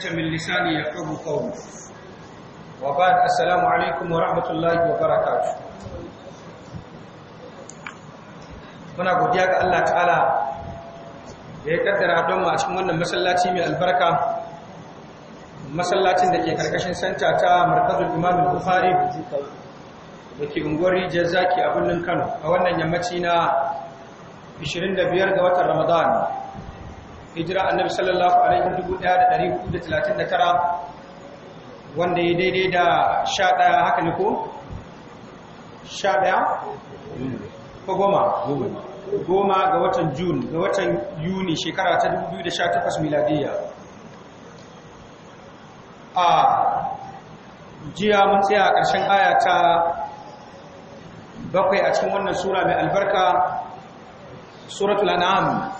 الفتنة من لساني يفقه قولي وبعد السلام عليكم ورحمة muna godiya ga Allah ta'ala da ya kaddara don mu a cikin wannan masallaci mai albarka masallacin da ke karkashin santa ta markazul imam al-bukhari da ke unguwar rijiyar zaki a birnin kano a wannan yammaci na 25 ga watan ramadan hijira annabi sallallahu alaihi wa tara, wanda ya daidai da sha ɗaya haka ne ko sha ɗaya ko goma goma ga watan Jun ga watan Yuni shekara ta 2018 miladiya a jiya mun tsaya a ƙarshen aya ta bakwai a cikin wannan sura mai albarka suratul an'am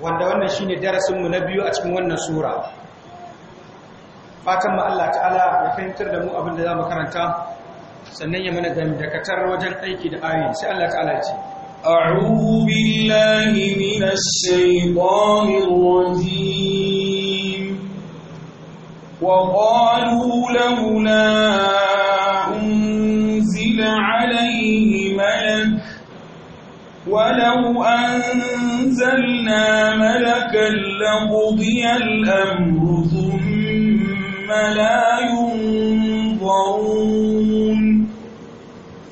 wanda wannan shi ne darasinmu na biyu a cikin wannan sura fatan mu Allah ta'ala ya fahimtar da mu abin da mu karanta sannan ya mana gami da wajen aiki da ayoyi sai Allah ta'ala ya ce a'udhu minash rajim wa qalu unzila alayhi ولو أنزلنا ملكا لقضي الأمر ثم لا ينظرون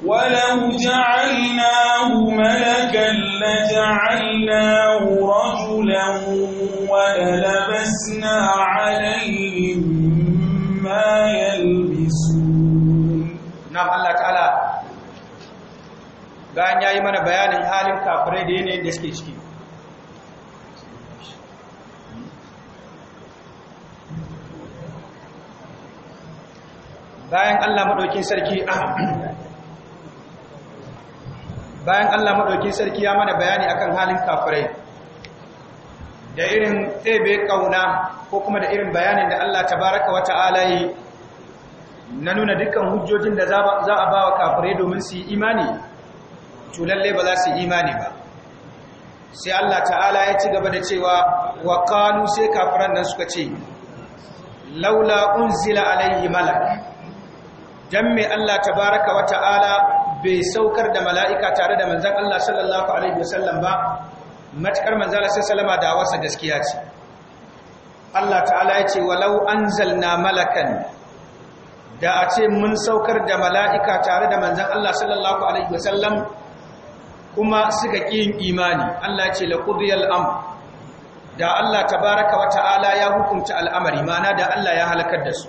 ولو جعلناه ملكا لجعلناه رجلا وللبسنا عليهم ما bayan ya yi mana bayanin halin kafirai da yanayin da suke ciki bayan allah maɗaukin sarki bayan allah maɗaukin sarki ya mana bayani akan halin kafirai da irin tsebe ƙauna ko kuma da irin bayanin da allah tabaraka wa ta'ala yi na nuna dukkan hujjojin da za a ba wa kafirai domin su yi imani to lalle ba za su imani ba sai Allah ta'ala ya ci gaba da cewa wa qalu sai kafiran nan suka ce laula unzila alaihi malak dan me Allah tabaaraka wa ta'ala bai saukar da mala'ika tare da manzon Allah sallallahu alaihi wasallam ba matakar manzon Allah sallallahu da wasa gaskiya ce Allah ta'ala ya ce walau anzalna malakan da a ce mun saukar da mala'ika tare da manzon Allah sallallahu alaihi wasallam kuma suka yin imani Allah ce la qudiyal amr da Allah tabaraka wa ta'ala ya hukunta al'amari mana da Allah ya halakar da su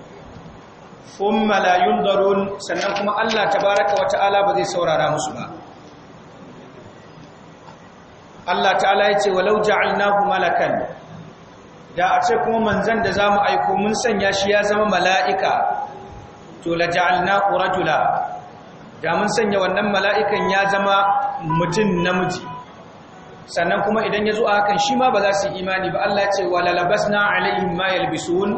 fun malayun darun sannan kuma Allah tabaraka wa ta'ala ba zai saurara musu ba Allah ta'ala ya ce walau ja'alnahu malakan da a ce kuma manzan da zamu aiko mun sanya shi ya zama mala'ika to la ja'alnahu rajula da mun sanya wannan mala'ikan ya zama mutum namiji sannan kuma idan ya zo a hakan shi ma ba za su imani ba Allah ce wa na alaihim ma yalbisun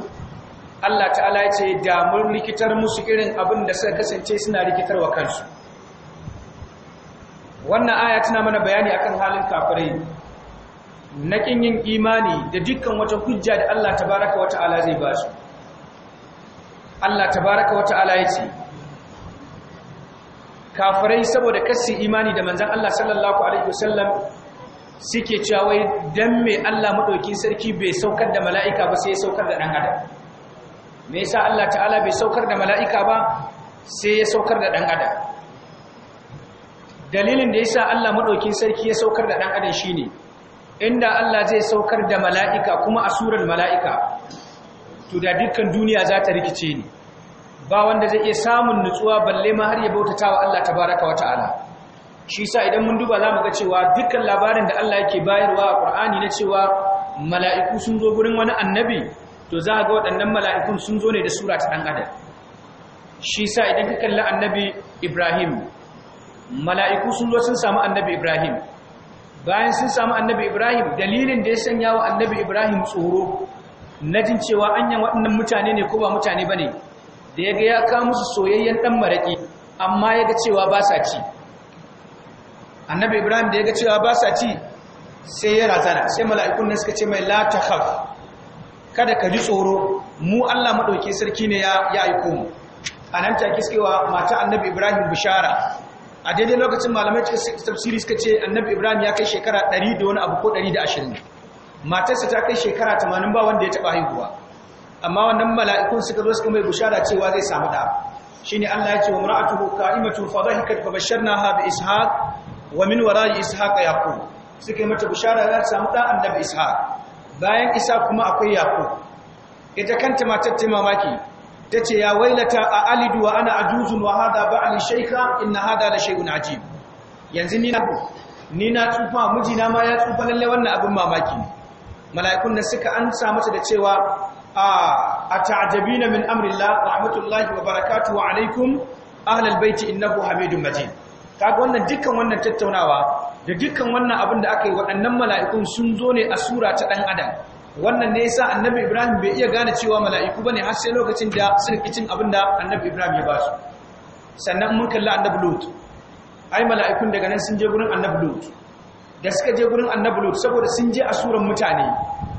Allah ta'ala ya ce da mun rikitar musu irin abin da suka kasance suna rikitar wa kansu wannan aya tana mana bayani akan halin kafirai na kin yin imani da dukkan wata hujja da Allah tabaraka wa ta'ala zai ba su Allah tabaraka wa ta'ala ya ce kafirai saboda kasi imani da manzan Allah sallallahu alaihi wasallam suke cewa don mai Allah maɗauki sarki bai saukar da mala'ika ba sai ya saukar da ɗan adam me yasa Allah ta'ala bai saukar da mala'ika ba sai ya saukar da ɗan adam dalilin da yasa Allah maɗauki sarki ya saukar da ɗan adam ne inda Allah zai saukar da mala'ika kuma a surar mala'ika to da dukkan duniya za ta rikice ne ba wanda zai iya samun nutsuwa balle ma har ya bautata wa Allah tabaraka wa ta'ala shi sa idan mun duba za mu ga cewa dukkan labarin da Allah yake bayarwa a Qur'ani na cewa mala'iku sun zo gurin wani annabi to za ga waɗannan mala'ikun sun zo ne da sura ta ɗan adam shi sa idan ka kalla annabi Ibrahim mala'iku sun zo sun samu annabi Ibrahim bayan sun samu annabi Ibrahim dalilin da ya sanya wa annabi Ibrahim tsoro na jin cewa anyan waɗannan mutane ne ko ba mutane bane da ya ga ya kawo musu soyayyen ɗan maraƙi amma ya ga cewa ba sa ci annabi ibrahim da ya ga cewa ba sa ci sai ya razana sai mala'ikun nan suka ce mai la haf kada ka ji tsoro mu Allah maɗauki sarki ne ya ya aiko mu A take suke wa mata annabi ibrahim bishara a daidai lokacin malamai tafsiri suka ce annabi ibrahim ya kai shekara 100 da wani abu ko 120 matarsa ta kai shekara 80 ba wanda ya taba haihuwa amma wannan mala'ikun suka zo suka mai bushara cewa zai samu da ne Allah ya ce wa mar'atuhu qa'imatun fa dhahikat fa na bi ishaq wa min rayu ishaq yaƙo suka mata bushara ya samu da annabi ishaq bayan isa kuma akwai yaƙo ita kanta matar ta mamaki tace ya wailata a alidu wa ana ajuzun wa hada ba'li in na hada da shaikun ajib yanzu ni na ni na tsufa mijina ma ya tsufa lalle wannan abin mamaki mala'ikun nan suka an samu mata da cewa أتعجبين من أمر الله رحمة الله وبركاته عليكم أهل البيت إنه حميد مجيد kaga wannan dukkan wannan tattaunawa da dukkan wannan abin da aka yi waɗannan mala'ikun sun zo ne a sura ta ɗan adam wannan ne yasa annabi ibrahim bai iya gane cewa mala'iku bane har sai lokacin da sun kicin abin da annabi ibrahim ya ba su sannan mun kalli annabi lut ai mala'ikun daga nan sun je gurin annabi lut da suka je gurin annabi lut saboda sun je a suran mutane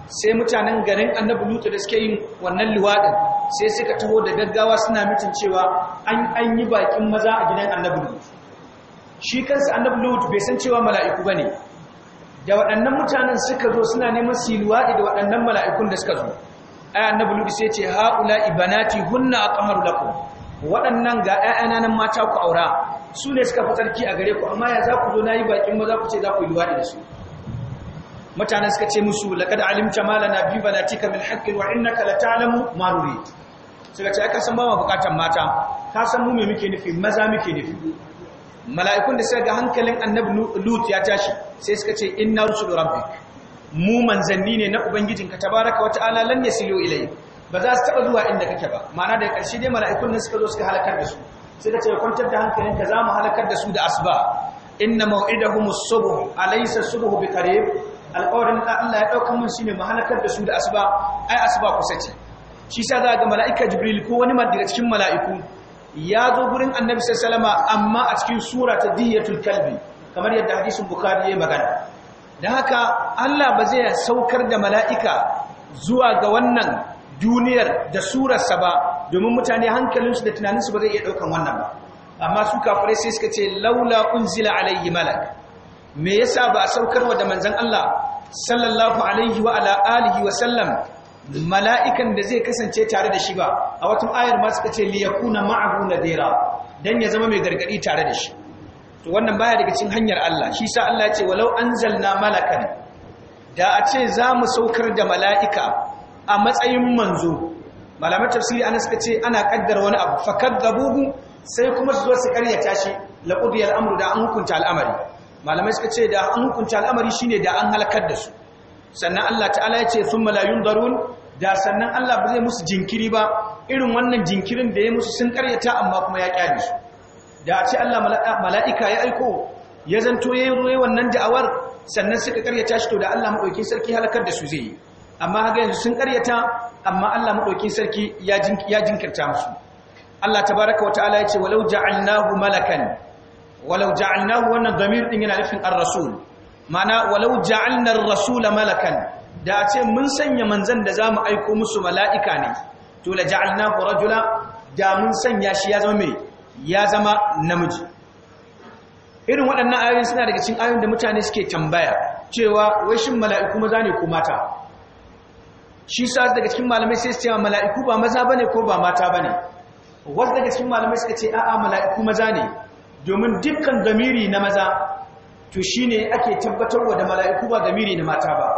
sai mutanen garin annabi lutu da suke yin wannan luwaɗin sai suka taho da gaggawa suna mitin cewa an an yi bakin maza a gidan annabu lutu shi kansa annabi lutu bai san cewa mala'iku ba ne da waɗannan mutanen suka zo suna neman su yi luwaɗi da waɗannan mala'ikun da suka zo ai annabi lutu sai ce ha'ula ibanati hunna aqmaru lakum waɗannan ga 'ya'yana nan mata ku aura su ne suka fi tsarki a gare ku amma ya za ku zo na yi bakin maza ku ce za ku yi luwaɗi da su mutane suka ce musu laqad alimta ma lana na banatika min haqqin wa innaka lata'lamu ma nurid suka ce aka san ba mu bukatan mata ka san mu me muke nufi maza muke nufi mala'ikun da suka ga hankalin annabi lut ya tashi sai suka ce inna rusul rabbik mu manzanni ne na ubangijinka tabaraka wa ta'ala lan yasilu ilai ba za su taba zuwa inda kake ba mana da ƙarshe dai mala'ikun nan suka zo suka halakar da su suka ce kwantar da hankalinka za mu halakar da su da asuba inna maw'idahum as-subh alaysa as-subh qareeb alƙawarin da Allah ya ɗauka mun shine mu halakar da su da asuba ai asuba kusa ce shi sa za ga mala'ika jibril ko wani daga cikin mala'iku ya zo gurin annabi sallama amma a cikin sura ta diyatul kalbi kamar yadda hadisin bukhari ya magana dan haka Allah ba zai saukar da mala'ika zuwa ga wannan duniyar da surarsa ba domin mutane hankalinsu da tunaninsu ba zai iya ɗaukan wannan ba amma su kafirai sai suka ce laula unzila alaihi malak me yasa ba a saukar wa da manzon Allah sallallahu alaihi wa ala alihi wa sallam mala'ikan da zai kasance tare da shi ba a wata ayar ma suka ce liyakuna ma'ahu nadira dan ya zama mai gargadi tare da shi to wannan baya daga cikin hanyar Allah shi sa Allah ya ce walau anzalna malakan da a ce za mu saukar da mala'ika a matsayin manzo malamar tafsiri ana suka ce ana kaddara wani abu fakaddabuhu sai kuma su zo su karyata shi laqudiyal amru da an hukunta al'amari malamai suka ce da an hukunta al'amari shine da an halakar da su sannan Allah ta'ala ya ce sun malayun darun da sannan Allah ba zai musu jinkiri ba irin wannan jinkirin da ya musu sun karyata amma kuma ya kyale su da a ce Allah mala'ika ya aiko ya zanto ya yi wannan da'awar sannan suka karyata shi to da Allah maɗauki sarki halakar da su zai yi amma haka yanzu sun karyata amma Allah maɗauki sarki ya jinkirta musu Allah tabaraka wa ta'ala ya ce walau ja'alnahu malakan walau ja'alnahu wannan damir din yana nufin ar-rasul mana walau ja'alna ar rasul malakan da a ce mun sanya manzan da zamu aiko musu mala'ika ne to la ja'alnahu rajula da mun sanya shi ya zama me ya zama namiji irin waɗannan ayoyin suna daga cikin ayoyin da mutane suke tambaya cewa wai shin mala'iku maza ne ko mata shi sa daga cikin malamai sai su ce mala'iku ba maza bane ko ba mata bane wasu daga cikin malamai suka ce a'a mala'iku maza ne domin dukkan gamiri na maza to shi ne ake tabbatarwa da mala'iku ba gamiri na mata ba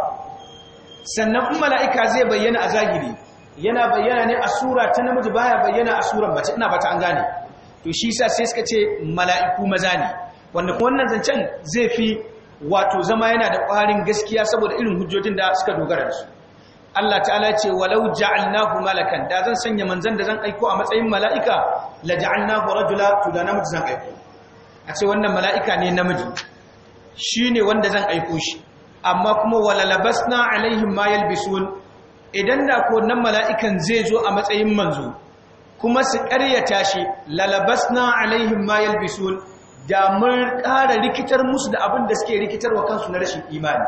sannan kuma mala'ika zai bayyana a zahiri yana bayyana ne a sura ta namiji baya bayyana a suran mace ina bata an gane to shi sa sai suka ce mala'iku maza ne wanda wannan zancen zai fi wato zama yana da ƙwarin gaskiya saboda irin hujjojin da suka dogara da su Allah ta'ala ce walau ja'alnahu malakan da zan sanya manzan da zan aiko a matsayin mala'ika la ja'alnahu rajula to da namiji zan aiko a ce wannan mala'ika ne namiji shi ne wanda zan aiko shi amma kuma walalabas na alaihin mayal bisuwan idan da ko nan mala'ikan zai zo a matsayin manzo kuma su ƙaryata shi lalabas na alaihin mayal bisuwan da mun ƙara rikitar musu da abin da suke rikitar wa kansu na rashin imani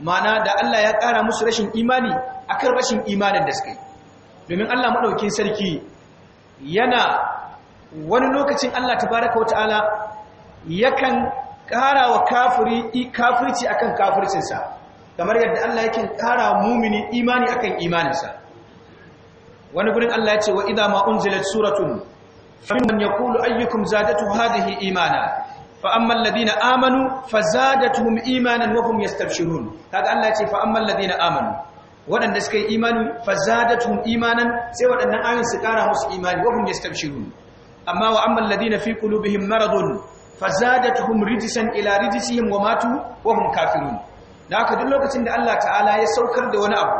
mana da Allah ya ƙara musu rashin imani akan rashin imanin da suke domin Allah maɗaukin sarki yana wani lokacin Allah tabaraka baraka ta'ala yakan ƙara wa kafiri kafirci akan kafircinsa kamar yadda Allah yakan ƙara mumini imani akan imaninsa wani gurin Allah ya ce wa idza ma unzilat suratun faman yaqulu ayyukum zadatu hadhihi imana fa amma alladhina amanu fazadatuhum imanan wa hum yastabshirun kaga Allah ya ce fa amma alladhina amanu waɗanda suka yi imani fazadatuhum imanan sai waɗannan ayoyin su ƙara musu imani wa hum yastabshirun amma wa amma alladhina fi qulubihim maradun fazadatuhum rijsan ila rijsihim wa matu wa hum kafirun da haka duk lokacin da Allah ta'ala ya saukar da wani abu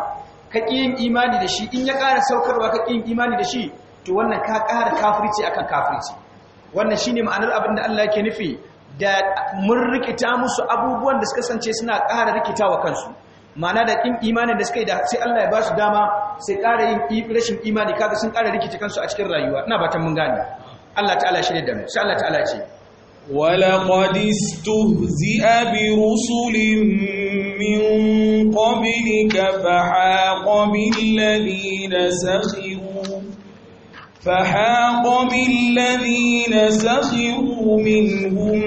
ka kiyin imani da shi in ya ƙara saukarwa ka kiyin imani da shi to wannan ka ƙara kafirci akan kafirci wannan shine ma'anar abin da Allah yake nufi da mun rikita musu abubuwan da suka sance suna ƙara rikitawa kansu ma'ana da kin imanin da suka yi da sai Allah ya ba su dama sai ƙara yin rashin imani kaga sun ƙara rikita kansu a cikin rayuwa ina batan mun gane Allah ta'ala shi da mu sai Allah ta'ala ce ولقد استهزئ برسل من قبلك فحاق بالذين سخروا فحاق بالذين سخروا منهم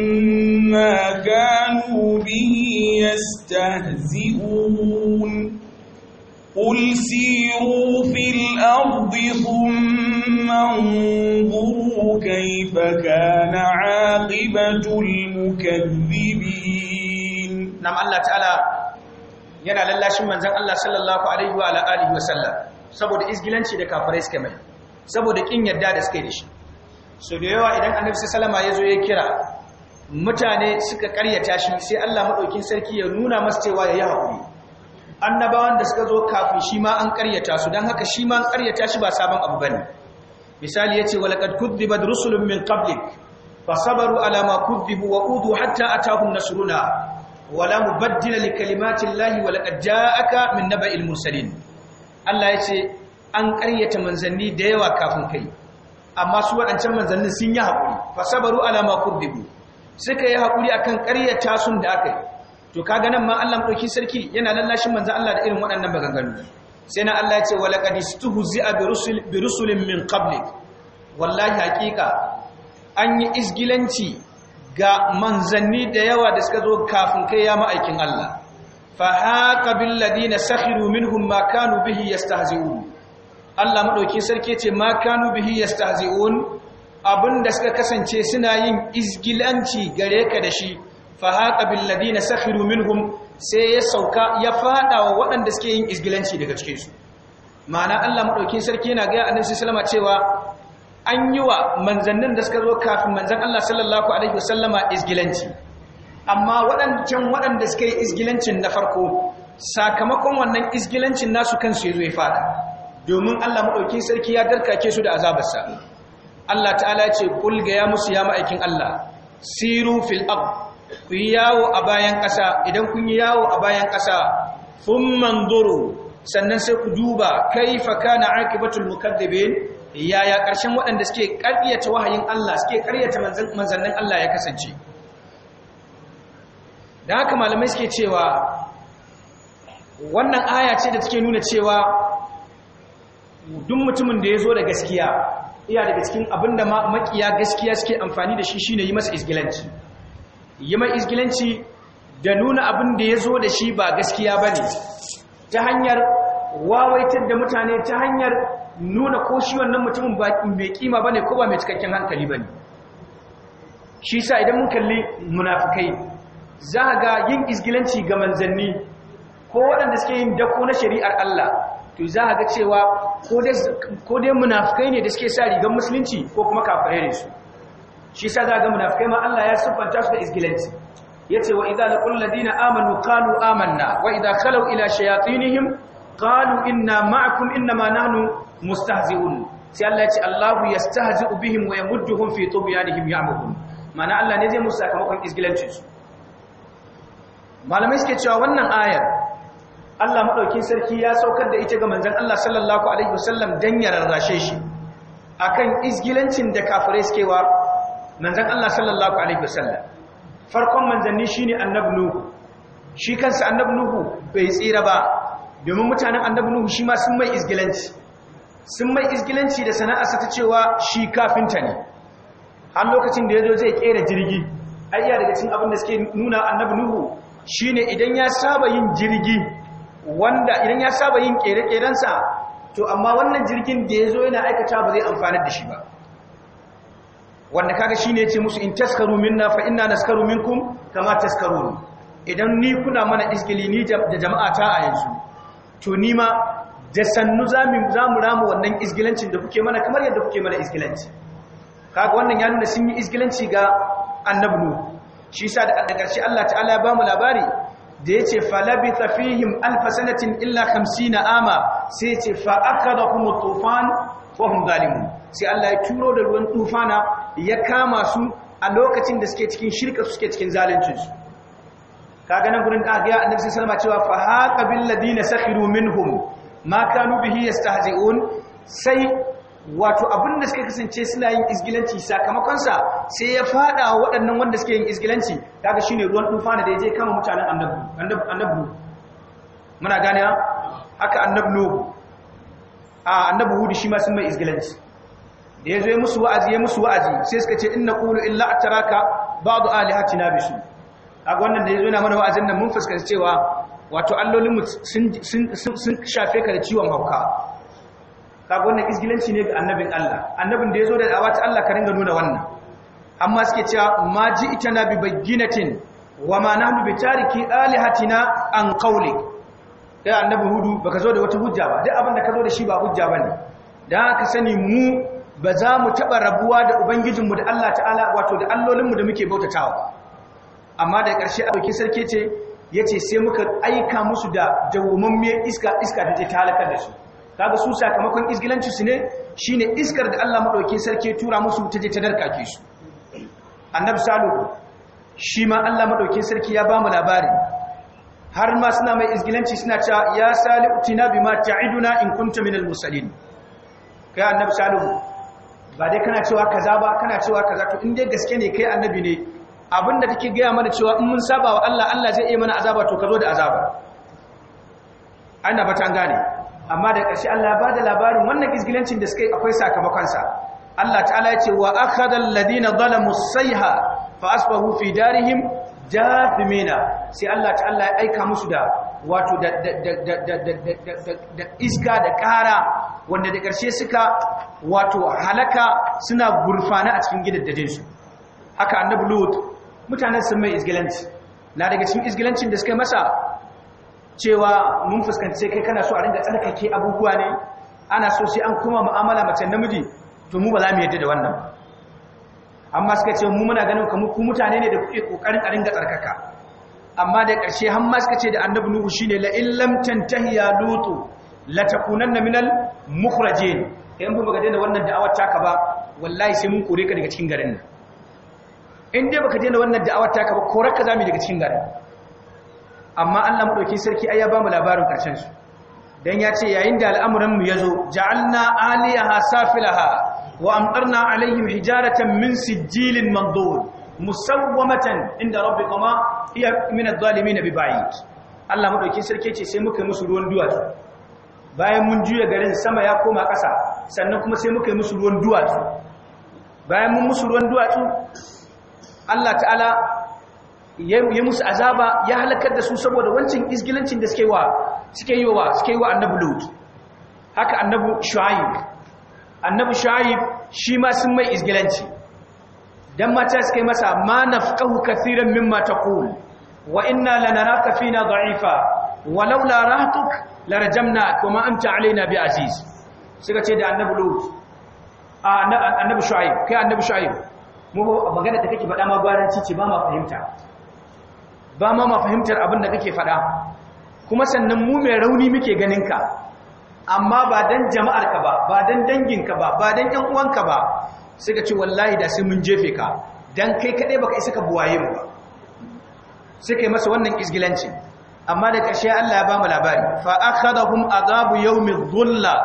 ما كانوا به يستهزئون قل سيروا في الأرض ثم قل كيف كان عاقبة المكذبين نعم الله تعالى yana lallashin manzon Allah sallallahu alaihi wa alihi wa sallam saboda izgilanci da kafirai suka mai saboda kin yadda da suka da shi so da yawa idan annabi sallama salama ya kira mutane suka karyata shi sai Allah madaukin sarki ya nuna masa cewa yi hakuri annabawan da suka zo kafin shi ma an karyata su don haka shi ma an karyata shi ba sabon abu bane misali ya ce walaqad kuddibat rusulun min qablik fasabaru ala ma kuddibu wa udu hatta atahum nasruna wala mubaddila li kalimati llahi ja'aka min naba'il mursalin Allah ya ce an ƙaryata manzanni da yawa kafin kai amma su waɗancan manzannin sun yi haƙuri fasabaru ala ma kuddibu suka yi haƙuri akan ƙaryata sun da aka yi to kaga nan ma Allah ɗauki sarki yana lallashin manzan Allah da irin waɗannan maganganu sai na Allah ce wa laqad istuhzi'a bi rusulin min qablik wallahi haqiqa an yi isgilanci ga manzanni da yawa da suka zo kafin kai ya ma'aikin Allah fa haqa bil ladina sakhiru minhum ma kanu bihi yastahzi'un Allah madauki sarki ce ma kanu bihi yastahzi'un abinda suka kasance suna yin isgilanci gare ka da shi fa haqa bil ladina sakhiru minhum sai ya sauka ya fada wa waɗanda suke yin izgilanci daga cikinsu ma'ana Allah maɗauki sarki yana gaya annabi sallama cewa an yi wa manzannin da suka zo kafin manzan Allah sallallahu alaihi wasallama izgilanci amma waɗancan waɗanda suka yi izgilancin na farko sakamakon wannan izgilancin nasu kansu ya zo ya fada domin Allah maɗauki sarki ya darkake su da azabarsa Allah ta'ala ya ce ƙulga ya musu ya ma'aikin Allah siru fil ku yi yawo a bayan ƙasa idan kun yi yawo a bayan ƙasa fun manzuru sannan sai ku duba kai, na kana akibatul mukaddabin yaya ƙarshen waɗanda suke ƙaryata wahayin Allah suke ƙaryata manzannin Allah ya kasance da haka malamai suke cewa wannan aya ce da suke nuna cewa duk mutumin da ya zo da gaskiya iya daga cikin abinda makiya gaskiya suke amfani da shi shi shine yi masa isgilanci yi mai izgilanci da nuna abin da ya zo da shi ba gaskiya ba ne ta hanyar wawaitar da mutane ta hanyar nuna ko shi wannan mutumin mai kima ba ne ko ba mai cikakken hankali ba ne shi sa idan mun kalli munafukai za a ga yin izgilanci ga manzanni ko waɗanda suke yin dako na shari'ar Allah to za a ga cewa ko dai munafukai ne da suke sa rigar musulunci ko kuma kafirai ne su shi sa za ga munafikai ma Allah ya siffanta su da isgilanci yace wa idza laqul ladina amanu qalu amanna wa idza khalu ila shayatinihim qalu inna ma'akum inma nahnu mustahzi'un sai Allah ya ce Allahu yastahzi'u bihim wa yamudduhum fi tubyanihim ya'mahun mana Allah ne zai musu sakamakon isgilancin su malamai suke cewa wannan ayar Allah madaukin sarki ya saukar da ita ga manzon Allah sallallahu alaihi wasallam dan ya rarrashe shi akan isgilancin da kafirai suke wa manzan Allah sallallahu alaihi wasallam farkon manzanni ne annabi nuhu shi kansa annabi nuhu bai tsira ba domin mutanen annabi nuhu shi ma sun mai izgilanci sun mai izgilanci da su ta cewa shi kafinta ne har lokacin da ya zo zai kera jirgi ayya daga cin abin da suke nuna annabi nuhu shi ne idan ya saba yin jirgi wanda idan ya saba yin kere-kerensa to amma wannan jirgin da ya zo yana aikata ba zai amfana da shi ba wanda kaga shine yace musu in taskaru minna fa inna naskaru minkum kama taskarun idan ni kuna mana iskili ni da jama'a ta a yanzu to ni ma da sannu zamu zamu rama wannan iskilancin da kuke mana kamar yadda kuke mana iskilanci kaga wannan ya nuna sun yi iskilanci ga annabi nu shi yasa da daga shi Allah ta'ala ya bamu labari da yace falabitha fihim alf sanatin illa 50 ama sai yace fa akadahum tufan wa hum zalimun sai Allah ya turo da ruwan tufana ya kama su a lokacin da suke cikin shirka suke cikin zaluncinsu kaga nan gurin da aka ga annabi sallama cewa fa haqa bil ladina sakhiru minhum ma kanu bihi yastahzi'un sai wato abinda suka kasance suna yin izgilanci sakamakonsa, sai ya fada wa waɗannan wanda suke yin izgilanci. kaga shine ruwan tufana da yaje kama mutanen annabi annabi muna gane haka annabi no a annabi hudu shi ma sun mai izgilanci. da ya zo musu wa'azi ya musu wa'azi sai suka ce inna ƙulu illa ataraka ba'du alihatina bisu a wannan da ya zo na mana wa'azin nan mun fuskanci cewa wato allolinmu sun shafe ka da ciwon hauka ta wannan isgilanci ne ga annabin Allah annabin da ya zo da da'awa ta Allah ka ringa nuna wannan amma suke cewa ma ji ita na wa ma nahnu bi tariki alihatina an qawli da annabi hudu baka zo da wata hujja ba duk ka zo da shi ba hujja bane dan ka sani mu ba za mu taɓa rabuwa da ubangijinmu da Allah ta'ala wato da allolinmu da muke bautatawa ba amma da ƙarshe a ɗauki sarki ce ya ce sai muka aika musu da dawwammamiyar iska iska da ta halakar da su kaga su sakamakon isgilanci su ne shi ne iskar da Allah maɗauki sarki tura musu ta je ta darkake su annabi salo shi ma Allah maɗauki sarki ya ba mu labari har ma suna mai isgilanci suna cewa ya salihu tina bima ta'iduna in kunta minal musallin kai annabi salo. ba dai kana cewa kaza ba kana cewa kaza to in dai gaske ne kai annabi ne abinda take gaya mana cewa in mun saba wa Allah Allah zai iya mana azaba to ka zo da azaba ana ba ta gane amma da ƙarshe Allah ba da labarin wannan izgilancin da suka yi akwai sakamakonsa Allah ta'ala ya ce wa akhadha alladhina zalamu sayha fa asbahu fi darihim jathimina sai Allah ta'ala ya aika musu da wato da iska da ƙara wanda da ƙarshe suka wato halaka suna gurfana a cikin gidaddajinsu haka annabi lut mutanen sun mai isgilanci na daga cikin isgilancin da suka masa cewa mun fuskanci sai kai kana so a ringa tsarkake abubuwa ne ana so sai an kuma mu'amala mace namiji to mu ba za mu yadda da wannan amma suka ce mu muna ganin ku mutane ne da kuke kokarin a ringa tsarkaka amma da ƙarshe har ma suka ce da annabi nuhu shine la illam tantahi ya lutu la takunanna minal mukhrajin kai ba baka daina wannan da'awar taka ba wallahi sai mun kore ka daga cikin garin nan in dai baka daina wannan da'awar taka ba kore ka zamu daga cikin garin amma Allah madauki sarki ai ya ba mu labarin karshen su dan ya ce yayin da al'amuran mu yazo ja'alna aliyaha safilaha wa amtarna alaihim hijaratan min sijilin mandud musawwamatan inda iya mina min na dhalimin biba'id Allah madauki sarki ce sai muka musu ruwan duwatsu bayan mun juya garin sama ya koma ƙasa sannan kuma sai muka musu ruwan duwatsu bayan mun musu ruwan duwatsu Allah ta'ala ya musu azaba ya halakar da su saboda wancin izgilancin da suke wa suke yi wa suke yi wa annabi lut haka annabi shuaib annabi shuaib shi ma sun mai izgilanci dan mata suke masa ma nafqahu kaseeran mimma taqul wa inna lanaraka fina dha'ifa wa laula rahtuk larjamna kuma anta alaina bi aziz suka ce da annabi lut annabi shu'aib kai annabi shu'aib mu magana da kake faɗa ma baranci ce ba ma fahimta ba ma ma fahimtar abin da kake faɗa kuma sannan mu mai rauni muke ganinka. amma ba dan jama'arka ba ba dan danginka ba ba dan ƴan uwanka ba suka ce wallahi da sai mun jefe ka dan kai kaɗai baka isa ka buwaye mu ba suka yi masa wannan izgilanci amma da kashe Allah ya ba mu labari fa akhadahum adabu yawmin dhulla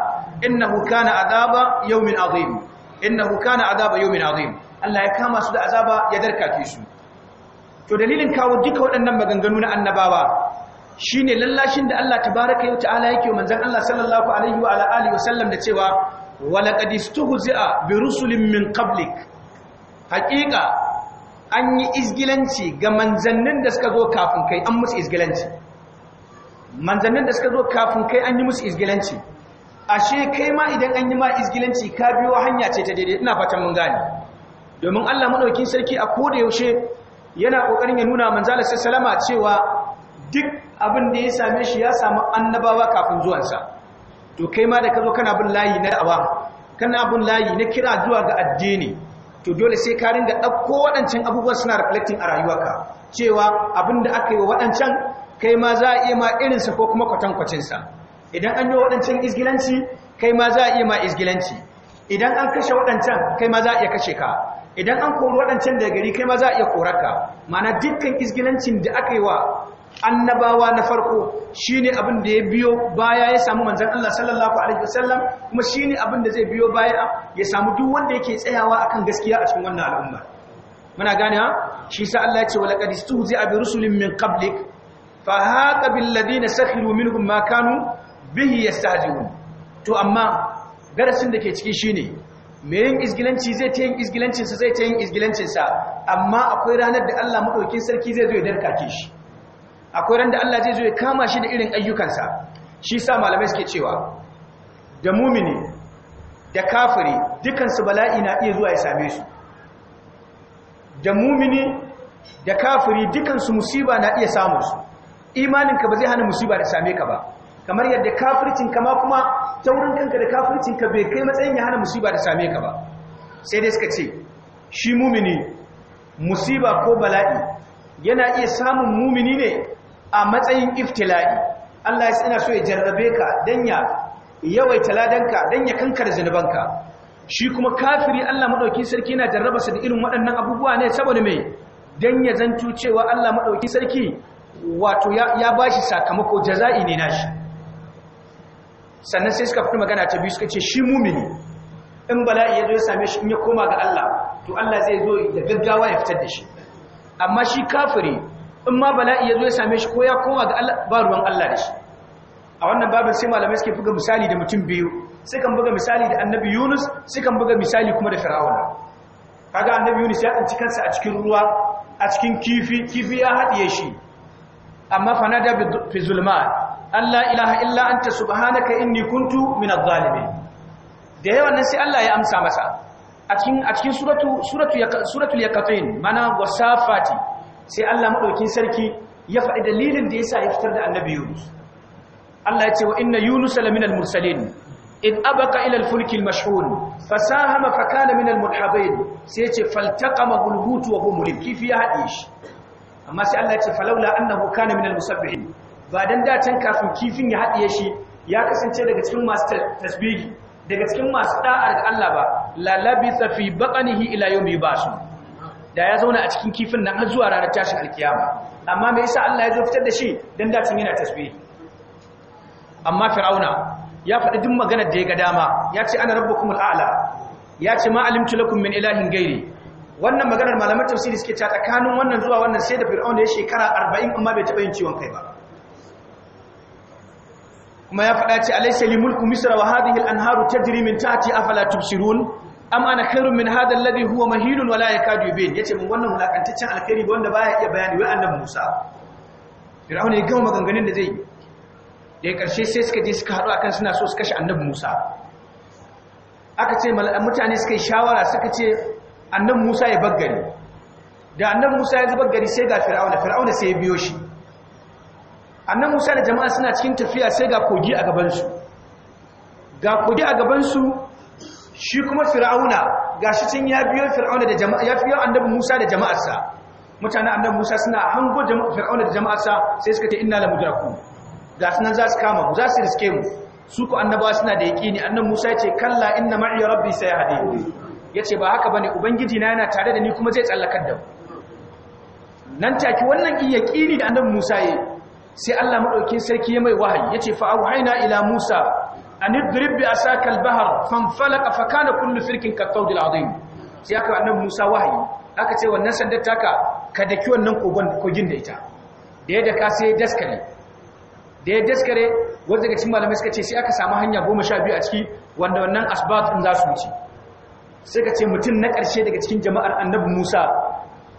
innahu kana adaba yawmin azim innahu kana adaba yawmin azim Allah ya kama su da azaba ya darkake su to dalilin kawo duka waɗannan maganganu na annabawa shine lallashin da Allah tabaraka wa ta'ala yake manzon Allah sallallahu alaihi wa alihi wasallam da cewa walaqad istuhzi'a bi rusulin min qablik haƙiƙa an yi izgilanci ga manzannin da suka zo kafin kai an musu izgilanci manzannin da suka zo kafin kai an yi musu izgilanci ashe kai ma idan an yi ma izgilanci ka biyo hanya ce ta daidai ina fatan mun gane domin Allah madaukin sarki a koda yaushe yana kokarin ya nuna manzala wasallama cewa duk abin da ya same shi ya samu annabawa kafin zuwansa to kai ma da ka zo kana bin layi na da'awa kana bin layi na kira zuwa ga addini to dole sai ka ringa ɗauko waɗancan abubuwan suna reflecting a rayuwarka cewa abin da aka yi wa waɗancan kai ma za a iya ma irinsa ko kuma kwatankwacinsa idan an yi waɗancan izgilanci kai ma za a iya ma izgilanci idan an kashe waɗancan kai ma za a iya kashe ka idan an kori waɗancan da gari kai ma za a iya koraka. mana dukkan izgilancin da aka yi wa annabawa na farko shine abin da ya biyo baya ya samu manzon Allah sallallahu alaihi wasallam kuma shine abin da zai biyo baya ya samu duk wanda yake tsayawa akan gaskiya a cikin wannan al'umma muna gane ha shi sa Allah ya ce walaqad istuhzi'a bi rusulin min qablik fa haqa bil ladina sakhiru minhum ma kanu bihi yastahzi'un to amma darasin da ke ciki shine me yin izgilanci zai ta yin izgilancinsa zai ta yin izgilancinsa amma akwai ranar da Allah madaukin sarki zai zo ya darkake shi akwai randa Allah zai zo ya kama shi da irin ayyukansa shi sa malamai suke cewa da mumini da kafiri dukansu bala'i na iya zuwa ya same su da mumini da kafiri dukansu musiba na iya samu su imaninka ba zai hana musiba da same ka ba kamar yadda kafircin kama kuma taurin kanka da kafircin ka bai kai matsayin ya hana musiba da same ka ba sai dai suka ce shi mumini musiba ko bala'i yana iya samun mumini ne a matsayin iftila'i Allah ya tsina so ya jarrabe ka dan ya yawaita ladanka dan ya kankar zunubanka shi kuma kafiri Allah madauki sarki na jarraba su da irin waɗannan abubuwa ne saboda mai, dan ya zanto cewa Allah madauki sarki wato ya bashi sakamako jaza'i ne na shi. sannan sai suka fito magana ta biyu suka ce shi mumini in bala'i ya zo ya same shi in ya koma ga Allah to Allah zai zo da gaggawa ya fitar da shi amma shi kafiri in ma bala'i ya zo ya same shi ko ya koma ga ba ruwan Allah da shi a wannan babin sai malamai suke buga misali da mutum biyu sukan buga misali da annabi Yunus sukan buga misali kuma da Fir'auna kaga annabi Yunus ya tsinci kansa a cikin ruwa a cikin kifi kifi ya haɗiye shi amma fanada fi zulmat Allah ilaha illa anta subhanaka inni kuntu min adh da yawan nan sai Allah ya amsa masa a cikin a cikin suratu suratu suratul yaqatin mana wasafati sai Allah maɗaukin sarki ya faɗi dalilin da ya sa ya fitar da annabi Yunus. Allah ya ce wa inna Yunus alamin al-mursalin, in abaka ilal fulkin mashhur, fasaha mafaka na min al-mulhabin sai ya ce faltaka mahulhutu wa humulin kifi ya haɗiye shi. Amma sai Allah ya ce falaula annahu kana min al-musabbihin. Ba dan da can kafin kifin ya haɗiye shi ya kasance daga cikin masu tasbihi daga cikin masu da'a ga Allah ba la labitha fi baqanihi ila yawmi ba'sun. da ya zauna a cikin kifin nan har zuwa ranar tashin alkiyama amma me yasa Allah ya zo fitar da shi dan dacin yana tasbih amma fir'auna ya faɗi duk maganar da ya ga dama ya ce ana rabbukumul a'la ya ce ma alimtu lakum min ilahin ghairi wannan maganar malaman tafsiri suke ta tsakanin wannan zuwa wannan sai da fir'auna ya shekara 40 amma bai taba yin ciwon kai ba kuma ya faɗa ce alaysa li mulku misra wa hadhihi al-anharu tajri min tahti afala tubsirun am ana khairun min hadha alladhi huwa mahinun wala yakadu yubin yace mun wannan mulakantaccen alkhairi wanda baya iya bayani wai annabi Musa Fir'auna ya gama maganganun da zai yi da karshe sai suka je suka haɗu akan suna so su kashe annabi Musa aka ce mutane suka yi shawara suka ce annabi Musa ya baggari da annabi Musa ya zuba gari sai ga Fir'auna Fir'auna sai ya biyo shi annabi Musa da jama'a suna cikin tafiya sai ga kogi a gabansu ga kogi a gabansu shi kuma fir'auna gashi cin ya biyo fir'auna da jama'a ya fiye annabi Musa da jama'arsa mutanen annabi Musa suna hango jama'a fir'auna da jama'arsa sai suka ce inna la mudraku ga sunan za su kama mu za su riske mu su ku annabawa suna da yaqini annabi Musa ya ce kalla inna ma'i rabbi sayahdi yace ba haka bane ubangiji na yana tare da ni kuma zai tsallakar da mu nan take wannan yaqini da annabi Musa yayi sai Allah madaukin sarki ya mai wahayi yace fa auhayna ila Musa an idrib bi asaka al-bahr fanfalaka fa kana kullu firkin katawd al-azim sai aka annabi Musa wahayi aka ce wannan sandar taka ka daki wannan kogon kogin da ita da ya ka sai daskare da ya daskare wanda daga cikin malamai suka ce sai aka samu hanya goma sha biyu a ciki wanda wannan asbat din za su wuce sai ka ce mutum na ƙarshe daga cikin jama'ar annabi Musa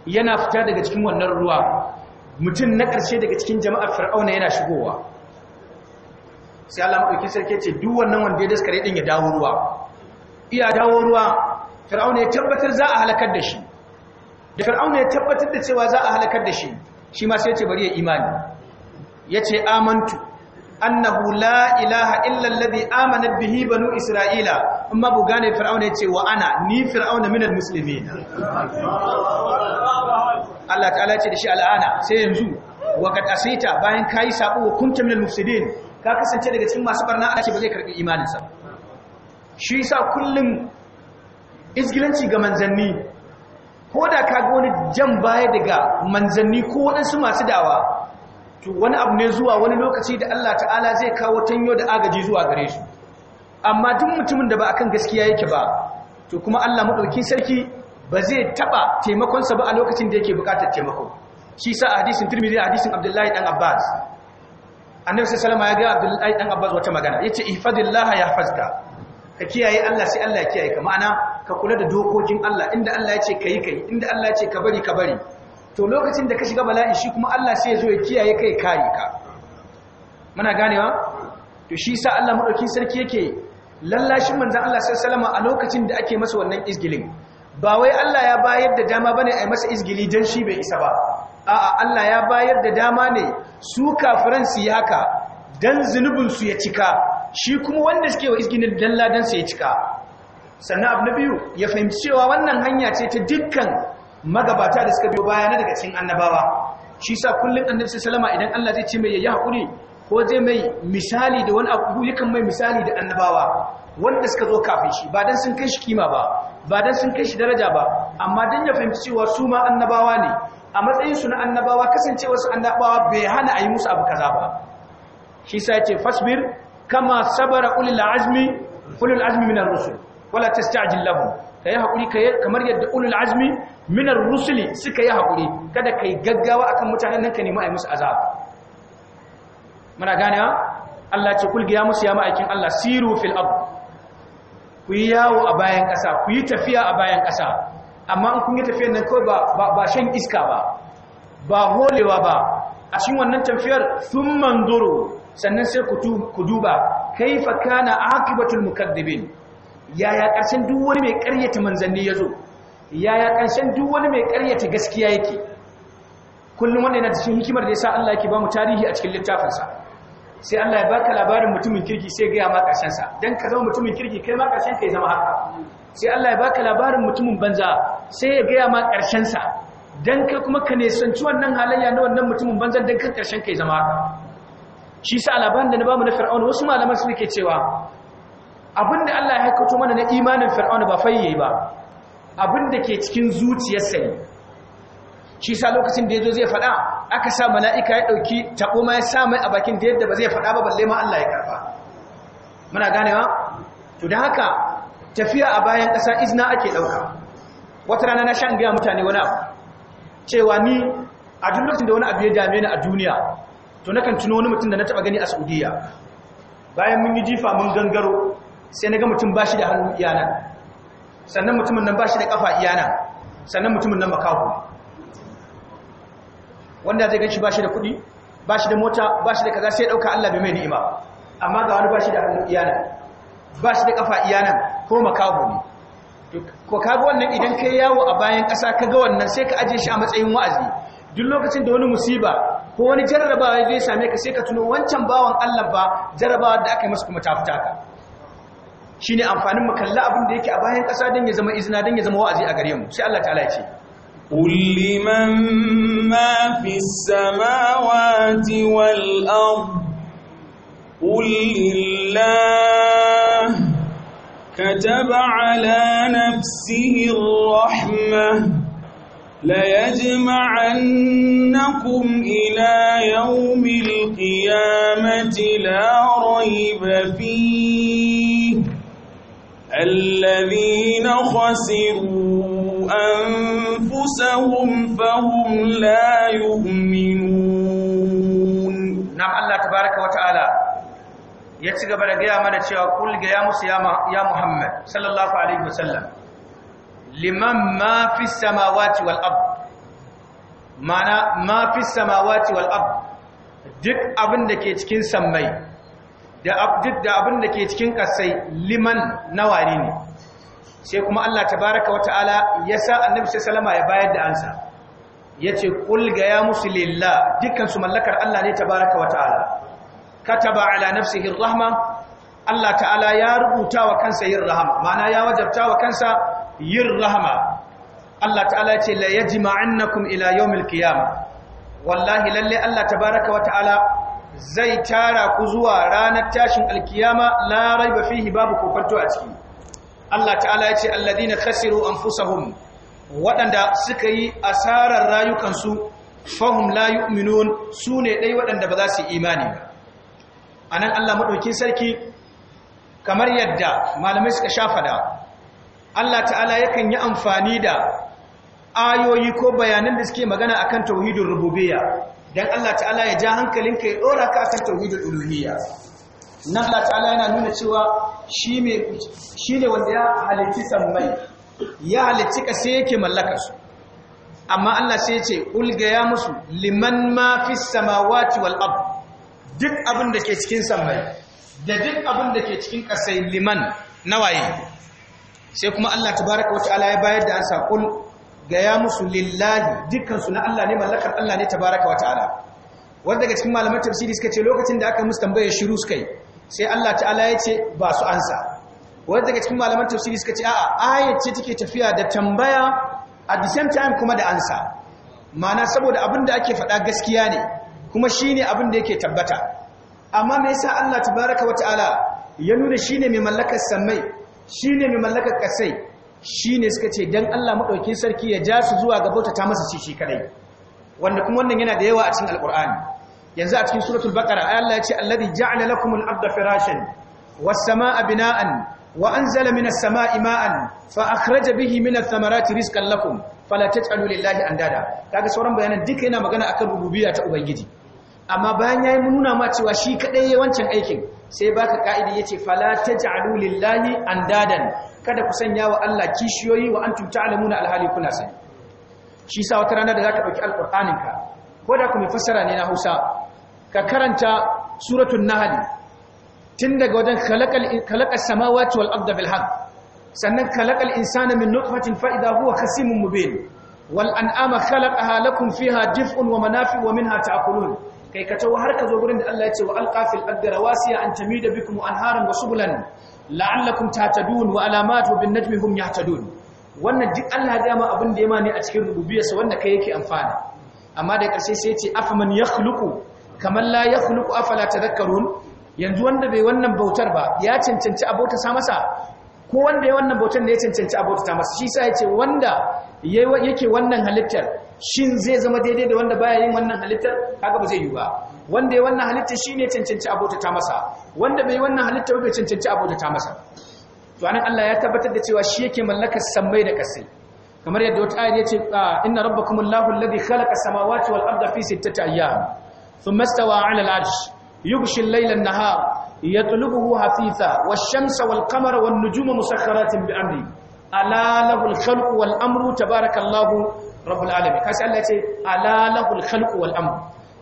yana fita daga cikin wannan ruwa mutum na ƙarshe daga cikin jama'ar fir'auna yana shigowa sai Allah madaukin sarki ce duk wannan wanda ya daskare din ya dawo ruwa iya dawo ruwa fir'auna ya tabbatar za a halakar da shi da fir'auna ya tabbatar da cewa za a halakar da shi shi ma sai ya ce bari ya imani ya ce amantu annahu la ilaha illa alladhi amanat bihi banu isra'ila amma bu ne fir'auna ya ce wa ana ni fir'auna minal musulmi. Allah ta'ala ya ce da shi al'ana sai yanzu wa kad asita bayan saɓo wa kuntum minal musulmi. ka kasance daga cikin masu barna a ce ba zai karbi imaninsa shi yasa kullum izgilanci ga manzanni ko da ka ga wani jan baya daga manzanni ko waɗansu masu dawa to wani abu ne zuwa wani lokaci da Allah ta'ala zai kawo tanyo da agaji zuwa gare su amma duk mutumin da ba kan gaskiya yake ba to kuma Allah madauki sarki ba zai taba taimakonsa ba a lokacin da yake bukatar taimako shi sa a hadisin Tirmidhi hadisin Abdullahi ɗan Abbas annabi sallallahu alaihi ya ga abdullahi dan abbas wata magana yace ya yahfazka ka kiyaye Allah sai Allah ya kiyaye ka ma'ana ka kula da dokokin Allah inda Allah ya ce kai kai inda Allah ya ka bari ka bari to lokacin da ka shiga bala'i shi kuma Allah sai ya zo ya kiyaye kai kare ka muna ganewa to shi sa Allah madaukin sarki yake lallashin manzon Allah sallallahu alaihi a lokacin da ake masa wannan izgilin ba wai Allah ya bayar da dama bane a masa isgili dan shi bai isa ba a'a Allah ya bayar da dama ne su kafiran su haka dan zunubinsu ya cika shi kuma wanda suke wa izginin dalla dan su ya cika sannan abu na biyu ya fahimci cewa wannan hanya ce ta dukkan magabata da suka biyo baya na daga cikin annabawa shi sa kullum annabi sallama idan Allah zai ce mai yayi hakuri ko zai mai misali da wani abu yakan mai misali da annabawa wanda suka zo kafin shi ba dan sun kai shi kima ba ba dan sun kai shi daraja ba amma dan ya fahimci cewa su ma annabawa ne a matsayinsu na annabawa wasu annabawa bai hana a yi musu abu kaza ba shi sa ce fasbir kama sabara ulul azmi ulul azmi minar rusul wala tastajil lahum kai hakuri kai kamar yadda ulul azmi minar rusuli suka yi hakuri kada kai gaggawa akan mutanen nan ka nemi a yi musu azab muna gane Allah ce kulgiya musu ya ma'aikin Allah siru fil ard ku yi yawo a bayan ƙasa ku yi tafiya a bayan ƙasa amma in kun yi tafiyar nan kawai ba shan iska ba ba holewa ba a cikin wannan tafiyar sun manzuru sannan sai ku duba kaifa kana akibatul mukaddibin yaya ƙarshen duk wani mai ƙaryata manzanni ya zo yaya ƙarshen duk wani mai ƙaryata gaskiya yake kullum wannan yana cikin hikimar da ya sa Allah yake ba mu tarihi a cikin littafinsa sai Allah ya baka labarin mutumin kirki sai ga ma karshen sa dan ka zama mutumin kirki kai ma karshen ka ya zama haka sai Allah ya baka labarin mutumin banza sai ya ga ma karshen sa dan ka kuma ka ne wannan halayya na wannan mutumin banza dan ka karshen ka ya zama haka shi sa labarin da na bamu na fir'auna wasu malaman su ke cewa da Allah ya haikato mana na imanin fir'auna ba fayyaye ba abinda ke cikin zuciyarsa ne shi sa lokacin da ya zo zai faɗa aka sa mala'ika ya ɗauki taɓo ma ya sa mai a bakin da yadda ba zai faɗa ba balle ma Allah ya karɓa muna ganewa to da haka tafiya a bayan ƙasa izina ake ɗauka wata rana na sha gaya mutane wani abu cewa ni a duk lokacin da wani abu ya dame ni a duniya to na kan tuno wani mutum da na taɓa gani a saudiya bayan mun yi jifa mun gangaro sai na ga mutum ba shi da hannu iyana sannan mutumin nan ba shi da ƙafa iyana sannan mutumin nan makaho wanda zai ganshi bashi da kuɗi bashi da mota bashi da kaza sai dauka Allah bai mai ni'ima amma ga wani bashi da hannu iyana bashi da kafa iyana ko makaho ne ko kabu wannan idan kai yawo a bayan ƙasa kaga wannan sai ka aje shi a matsayin wa'azi duk lokacin da wani musiba ko wani jarrabawa zai same ka sai ka tuno wancan bawan Allah ba jarrabawa da aka yi masa kuma ta fita ka shine amfanin mu kalla abin da yake a bayan ƙasa don ya zama izina don ya zama wa'azi a gare mu sai Allah ta'ala ya قل لمن ما في السماوات والأرض قل لله كتب على نفسه الرحمة ليجمعنكم إلى يوم القيامة لا ريب فيه الذين خسروا أنفسهم فهم لا يؤمنون نعم الله تبارك وتعالى يتسقى بلا قيامة قل قيامس يا محمد صلى الله عليه وسلم لمن ما في السماوات والأرض معنى ما في السماوات والأرض duk abin da ke cikin sammai da abdid da abin da ke cikin kasai liman nawari ne sai kuma Allah tabaraka wa ta'ala ya sa annabi sallama ya bayar da ansa yace qul ga ya musu lillah dukkan mallakar Allah ne tabaraka wa ta'ala kataba ala nafsihi rahma Allah ta'ala ya rubuta wa kansa yin rahama ma'ana ya wajabta wa kansa yin rahama Allah ta'ala ce la yajma'annakum ila yawmil qiyamah wallahi lalle Allah tabaraka wa ta'ala zai tara ku zuwa ranar tashin alkiyama la raiba fihi babu kokonto a ciki Allah ta'ala ya ce alladina khasiru anfusahum waɗanda suka yi asarar rayukansu fahum la yu'minun su ne dai waɗanda ba za su yi imani ba anan Allah madaukin sarki kamar yadda malamai suka da Allah ta'ala yakan yi amfani da ayoyi ko bayanan da suke magana akan Tauhidur rububiyya dan Allah ta'ala ya ja hankalinka ya dora ka akan tauhidul uluhiyya nan Allah ta'ala yana nuna cewa shi ne wanda ya halitti sammai ya halitti ka sai yake mallaka su amma Allah sai ce ulga ya musu liman ma fi samawati wal ard duk abin da ke cikin sammai da duk abin da ke cikin kasai liman nawaye sai kuma Allah tabaraka wa ta'ala ya bayar da ansa kul ga ya musu lillahi dukkan su na Allah ne mallakar Allah ne tabaraka wa ta'ala wanda daga cikin malamar tafsiri suka ce lokacin da aka musu tambayar shiru suka yi sai Allah ta'ala ya ce ba su ansa wanda daga cikin malaman tafsiri suka ce a'a ayyace take tafiya da tambaya at the same time kuma da ansa ma'ana saboda abin da ake faɗa gaskiya ne kuma shine abin da yake tabbata amma me yasa Allah tabaraka wata'ala ya nuna shine mai mallakar shi shine mai mallakar kasai shine suka ce dan Allah madaukin sarki ya ja su zuwa ga bauta ta masa shi shi kadai wanda kuma wannan yana da yawa a cikin alqur'ani yanzu a cikin suratul baqara ay Allah ya ce alladhi ja'ala lakumul abda firashan was samaa bina'an wa anzala minas samaa'i ma'an fa akhraja bihi minath thamarati rizqan lakum fala taj'alu lillahi andada kaga sauran bayanan duka yana magana akan rububiyya ta ubangiji amma bayan yayi yi nuna ma cewa shi kadai yayin wancan aikin sai baka ka'idi yace fala taj'alu lillahi andadan kada ku sanya wa Allah kishiyoyi wa antum ta'lamuna alhali kuna sai shi sa wata rana da zaka dauki alqur'aninka ko da kuma fassara ne na Hausa ka karanta suratul nahl tun daga wajen khalaqal samawati wal arda bil haqq sannan khalaqal insana min nutfatin fa idha huwa khasimun mubin wal an'ama khalaqaha lakum fiha dif'un wa manafi'u wa minha ta'kulun kai ka tawo har ka zo gurin da Allah ya ce wa alqa fil ardi rawasiya an tamida bikum anharan wa subulan la'allakum tahtadun wa alamatu bin najmi yahtadun wannan duk Allah ya ma abin da ya ma ne a cikin rububiyarsa wanda kai yake amfana amma da ƙarshe sai ya ce afaman yakhluqu kamar la ya khuluqu afala tadhakkarun yanzu wanda bai wannan bautar ba ya cancanci abota sa masa ko wanda ya wannan bautar ne ya cancanci abota ta masa shi sa ce wanda yake wannan halittar shin zai zama daidai da wanda baya yin wannan halittar haka ba zai yi ba wanda ya wannan halittar shi ne cancanci abota ta masa wanda bai wannan halittar bai cancanci abota ta masa to anan Allah ya tabbatar da cewa shi yake mallakar sammai da kasai kamar yadda wata ayar yace ah, inna rabbakumullahu alladhi khalaqa samawati wal arda fi sittati ayyam ثم استوى على العرش يغشي الليل النهار يطلبه حثيثا والشمس والقمر والنجوم مسخرات بأمره ألا له الخلق والأمر تبارك الله رب العالمين كاسي الله يتي ألا له الخلق والأمر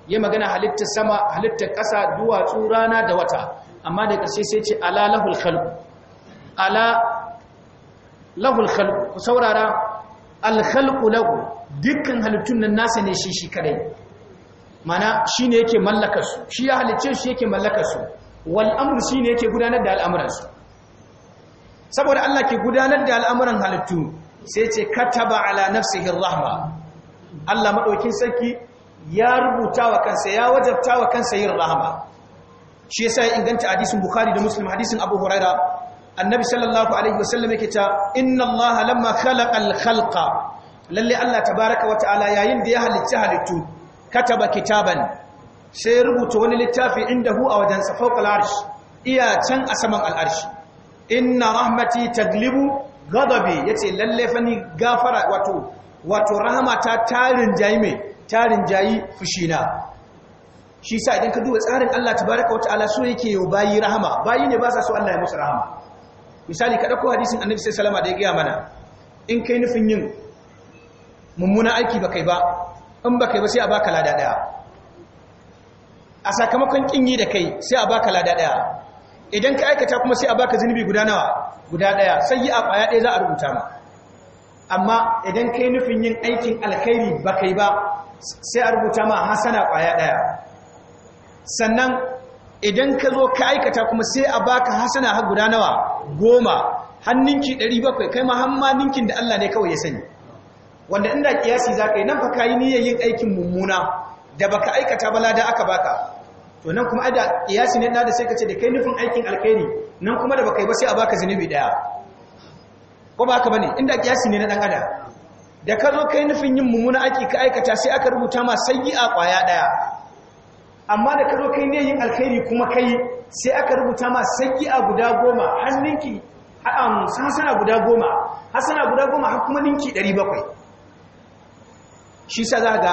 يما قنا هلت السماء هلت كسا دوا تورانا دوتا أما دي كاسي سيتي ألا له الخلق ألا له الخلق سورارا الخلق له دكن هلتون الناس نشيشي كريم mana shi ne yake mallakarsu, shi ya halicce shi yake mallakarsu, wal'amur shi ne yake gudanar da al'amuransu saboda Allah ke gudanar da al'amuran halittu sai ce kataba ala nafsihi rahma Allah maɗaukin sarki ya rubuta wa kansa ya wajabta wa kansa yin rahma shi yasa ya inganta hadisin bukhari da muslim hadisin abu huraira annabi sallallahu alaihi wasallam yake ta inna allaha lamma khalaqa al-khalqa lalle Allah tabaaraka wa ta'ala yayin da ya halicci halittu kataba kitaban sai rubuta wani littafi inda hu a wajen safauka al'arsh iya can a saman al'arshi inna rahmati taglibu gababe yace lalle fa ni gafara wato wato ta tarin jayi mai tarin jayi fushina shi sa idan ka duba tsarin Allah Wata Ala so yake yau bayi rahama bayi ne ba sa so Allah ya musu rahama misali ka dauko hadisin annabi sallallahu alaihi wasallam da ya gaya mana in kai nufin yin mummuna aiki ba kai ba in ba yi ba sai a baka lada daya a sakamakon kin yi da kai sai a baka lada daya idan ka aikata kuma sai a baka zunubi guda nawa guda daya sai yi a kwaya daya za a rubuta ma amma idan kai nufin yin aikin alkhairi ba yi ba sai a rubuta ma hasana kwaya daya sannan idan ka zo ka aikata kuma sai a baka hasana har guda nawa goma hannunki 700 kai ma hamma ninkin da Allah ne kawai ya sani wanda inda kiyasi za ka yi nan fa ka yi niyyar yin aikin mummuna da baka aikata ba lada aka baka to nan kuma ada kiyasi ne da sai ka ce da kai nufin aikin alkhairi nan kuma da baka yi ba sai a baka zunubi daya ko ba ka bane inda kiyasi ne na dan adam da ka zo kai nufin yin mummuna aiki ka aikata sai aka rubuta ma sayyi'a kwaya daya amma da ka zo kai ne yin alkhairi kuma kai sai aka rubuta ma sayyi'a guda goma hannunki a sansana guda goma hasana guda goma har kuma ninki 700 shi sa za ga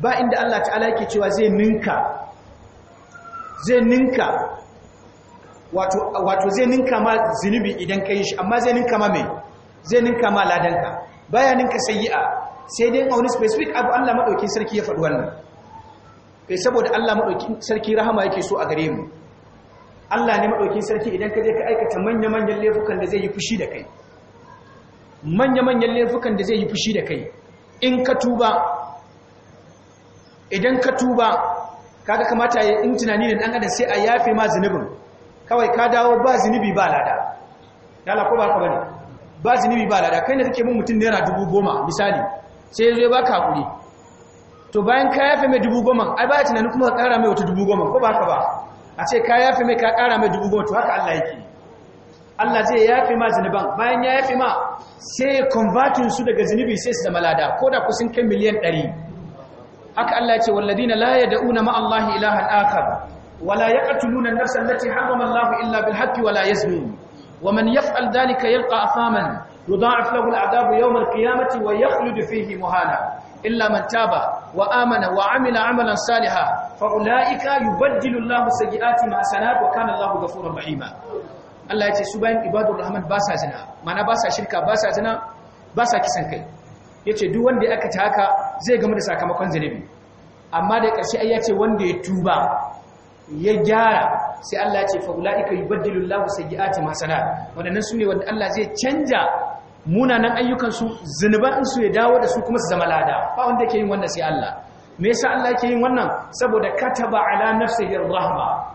ba inda Allah ta'ala yake cewa zai ninka zai ninka wato zai ninka ma zunubi idan ka yi shi amma zai ninka ma mai zai ninka ma ladanka baya ninka sayi'a sai dai wani specific abu Allah maɗauki sarki ya faɗi wannan kai saboda Allah maɗauki sarki rahama yake so a gare mu Allah ne maɗauki sarki idan ka je ka aikata manya-manyan laifukan da zai yi fushi da kai manya-manyan laifukan da zai yi fushi da kai in ka tuba idan ka tuba kaga kamata ya in tunani da dan adam sai a yafe ma zinubin kawai ka dawo ba zinubi ba lada yala ko ba ka bane ba zinubi ba lada kai ne kake bin mutum naira dubu misali sai ya zo ya baka hakuri to bayan ka yafe mai dubu ai ba tunani kuma ka kara mai wata dubu ko ba ka ba a ce ka yafe mai ka kara mai dubu to haka Allah yake Allah zai yafe ma zinuban bayan ya yafe ma sai ya convertin su daga zinubi sai su zama lada ko da kusan kai miliyan 100 aka Allah ce walladina la yad'una ma Allahu ilaha akhar wala yaqtuluna an-nafsa allati harrama Allahu illa bil haqqi wala yazlum wa man yaf'al dhalika yalqa athaman yud'af lahu al'adabu yawm al-qiyamati wa yakhlud fihi muhana illa man taba wa amana wa 'amila 'amalan Saliha. fa ulaika yubaddilu Allahu sayyi'ati ma sanat wa kana Allahu ghafurur rahima Allah yace su bayan ibadu rahman ba jina mana ba sa shirka ba sa jina kisan kai yace duk wanda aka ta haka zai gama da sakamakon zanibi amma da ƙarshe ayya ce wanda ya tuba ya gyara sai Allah ya ce fa ulaika yubaddilu Allahu sayyi'ati masana sana su ne wanda Allah zai canja munanan ayyukan su in su ya dawo da su kuma su zama lada ba wanda yake yin wannan sai Allah me yasa Allah yake yin wannan saboda kataba ala nafsihi rahma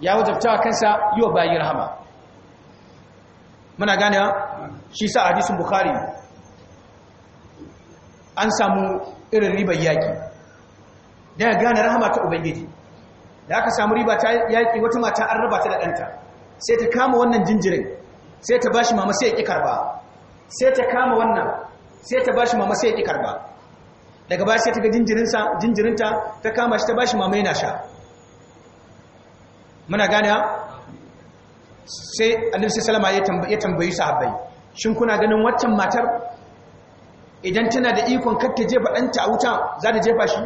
ya wajabta kansa wa bayi rahama muna ganewa shi sa hadisin bukhari an samu irin ribar yaƙi da ya gane rahama ta ubangiji da aka samu riba ta yaƙi wata mata an raba ta da ɗanta sai ta kama wannan jinjirin sai ta bashi mama sai ya ƙi karba sai ta kama wannan sai ta bashi mama sai ya ƙi karba daga baya sai ta ga jinjirinta ta kama shi ta bashi mama yana sha muna gane sai annabi salama ya tambayi sahabbai shin kuna ganin waccan matar idan tana da ikon kar ta jefa ɗanta a wuta za ta jefa shi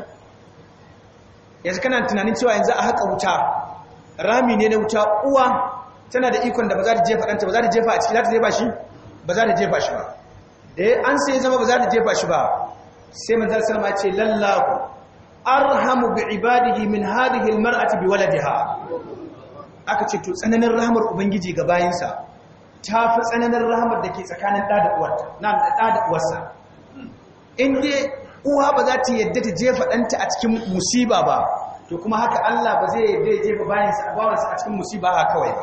yanzu kana tunanin cewa yanzu a haka wuta rami ne na wuta uwa tana da ikon da ba za ta jefa ɗanta ba za ta jefa a ciki za ta jefa shi ba za ta jefa shi ba Da ya an sai zama ba za ta jefa shi ba sai manzon sallama ce lallahu arhamu bi ibadihi min hadhihi almar'ati bi waladiha aka ce to tsananin rahmar ubangiji ga bayinsa ta fi tsananin rahmar da ke tsakanin ɗa da uwarta na ɗa da uwarsa Inda uwa ba za ta yadda ta jefa ɗanta a cikin musiba ba to kuma haka Allah ba zai yadda ya jefa bayansa a a cikin musiba haka kawai ba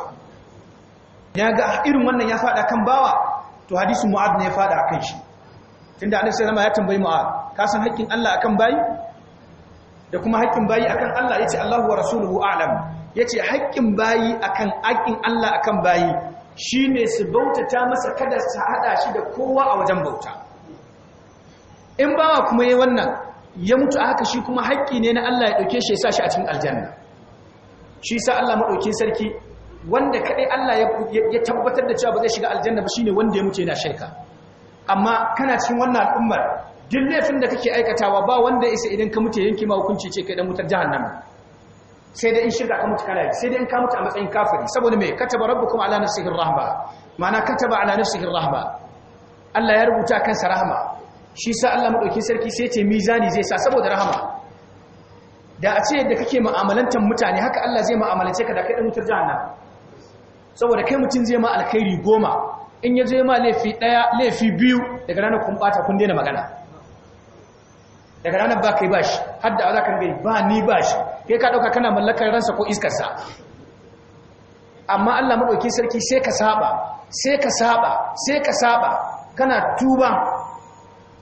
ya ga irin wannan ya fada kan bawa to hadisun mu'ad ne ya faɗa akan shi tunda annabi sallallahu alaihi ya tambayi mu'ad ka san haƙƙin Allah akan bayi da kuma haƙƙin bayi akan Allah yace Allahu wa rasuluhu a'lam yace haƙƙin bayi akan haƙƙin Allah akan bayi shine su bautata masa kada su hada shi da kowa a wajen bauta in bawa kuma yi wannan ya mutu a haka shi kuma haƙƙi ne na Allah ya ɗauke shi ya sa shi a cikin aljanna shi sa Allah maɗaukin sarki wanda kaɗai Allah ya tabbatar da cewa ba zai shiga aljanna ba shine wanda ya mutu yana shirka amma kana cikin wannan al'ummar duk laifin da kake aikatawa ba wanda isa idan ka mutu yanke ma hukunci ce kai dan mutar jahannama sai dai in shirka ka mutu kana sai dai in ka mutu a matsayin kafiri saboda me kataba rabbukum ala nafsihi rahma ma'ana kataba ala nafsihi rahma Allah ya rubuta kansa rahma shi sa Allah maɗauki sarki sai ce zani zai sa saboda rahama da a ce yadda kake ma'amalantar mutane haka Allah zai ma'amalance ka da kai ɗan wutar nan. saboda kai mutum zai ma alkhairi goma in ya zai ma laifi ɗaya, laifi biyu daga ranar kun ɓata kun daina magana daga ranar ba kai bashi har da za ka gai ba ni bashi kai ka ɗauka kana mallakar ransa ko iskar sa amma Allah maɗauki sarki sai ka saba sai ka saba sai ka saba kana tuba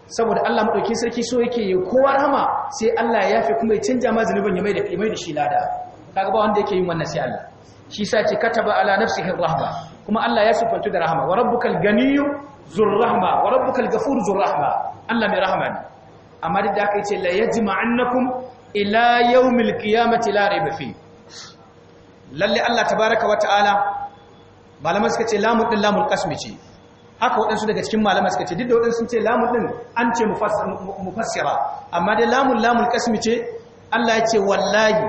saboda Allah madaukin sarki so yake yi kowa rahama sai Allah ya yafe kuma ya canja ma zanubin ya mai da mai da shi lada Ta ba wanda yake yin wannan sai Allah shi sa ce kataba ala nafsihi rahma kuma Allah ya sufantu da rahama wa rabbukal Ganiyu, zur rahma wa rabbukal Gafur, zur rahma Allah mai rahama ne amma duk da aka ce la yajma'annakum ila yawmil qiyamati la rayba fi lalle Allah tabaaraka wa ta'ala malaman suka ce lamu din lamul qasmi ce aka waɗansu daga cikin malama suka ce duk da waɗansu ce lamun ɗin an ce mufassira amma dai lamun lamun kasmi ce Allah ya ce wallahi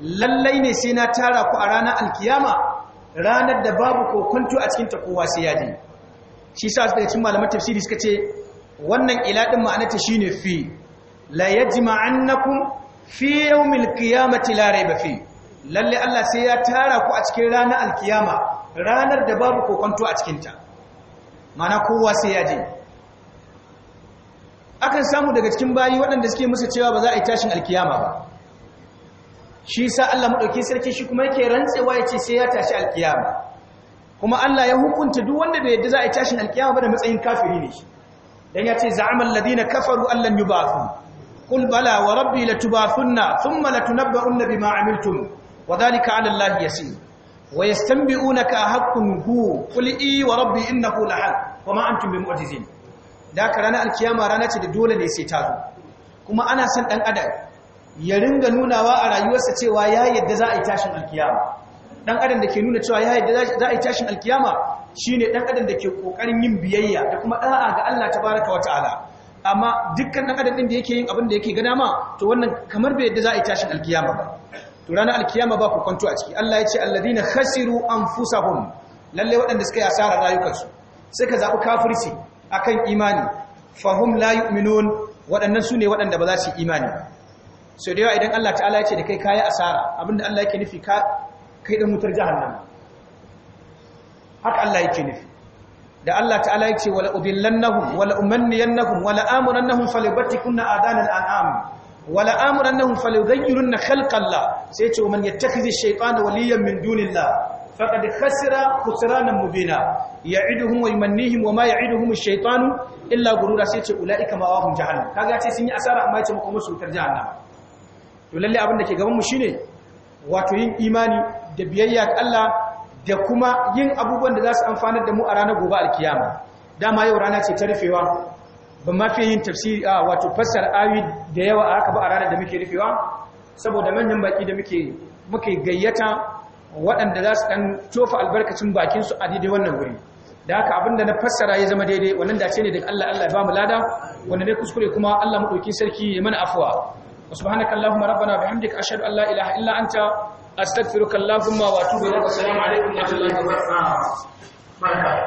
lallai ne sai na tara ku a ranar alkiyama ranar da babu kokonto a cikin takowa sai shi sa su daga cikin malaman tafsiri suka ce wannan ila ɗin ma'anarta ne fi la yajma'annakum fi yawmil la ba fi lallai Allah sai ya tara ku a cikin ranar alkiyama ranar da babu kokonto a cikinta. mana kowa sai ya je akan samu daga cikin bayi waɗanda suke musu cewa ba za a yi tashin alkiyama ba shi sa Allah maɗauki sarki shi kuma yake rantsewa ya ce sai ya tashi alkiyama kuma Allah ya hukunta duk wanda bai yadda za a yi tashin alkiyama ba da matsayin kafiri ne shi dan ya ce za'amal ladina kafaru allan yubathu wa rabbi وربي لتبعثن ثم لتنبؤن بما Wa وذلك على الله yasi. wa yastanbi'unaka haqqun hu qul i wa rabbi innahu lahal wa ma antum mu'jizin da ka ranar alkiyama rana ce da dole ne sai ta zo kuma ana son dan adam ya ringa nunawa a rayuwarsa cewa ya yadda za a yi tashin alkiyama dan adam da ke nuna cewa ya yadda za a yi tashin alkiyama shine dan adam da ke kokarin yin biyayya da kuma da'a ga Allah tabaraka wa ta'ala amma dukkan dan adam din da yake yin abin da yake gana ma to wannan kamar bai yadda za a yi tashin alkiyama ba to ranar alkiyama ba ku kwanto a ciki Allah ya ce alladina khasiru anfusahum lalle waɗanda suka yi asara rayukansu suka zaɓi kafirci akan imani fahum la yu'minun waɗannan su ne waɗanda ba za su yi imani sau da yawa idan Allah ta'ala ya ce da kai kayi asara abinda Allah yake nufi ka kai dan mutar jahannama haka Allah yake nufi da Allah ta'ala yake wala udillannahum wala umanniyannahum wala amurannahum falibattikunna adanal an'am wala amurannahum falyughayyirunna khalqallah sai ce man yattakhidhi shaytana waliyan min dunillah faqad khasira khusranan mubina ya'iduhum wa yumannihim wa ma ya'iduhum ash-shaytanu illa gurura sai ce ulaika ma'ahum jahannam kaga ce sun yi asara amma yace makoma su tar jahannam to lalle abin da ke gaban mu shine wato yin imani da biyayya ga Allah da kuma yin abubuwan da za su amfanar da mu a ranar gobe alkiyama dama yau rana ce ta rufewa ban ma fiye yin tafsiri a wato fassar da yawa aka ba a ranar da muke rufewa saboda manyan baki da muke muke gayyata waɗanda za su ɗan tofa albarkacin bakin su a daidai wannan wuri da haka abinda na fassara ya zama daidai wannan dace ne daga Allah Allah ya ba lada wanda ne kuskure kuma Allah mu dauki sarki ya mana afuwa subhanaka allahumma rabbana bihamdika ashhadu an la ilaha illa anta astaghfiruka allahumma wa atubu ilaik assalamu alaikum wa rahmatullahi wa barakatuh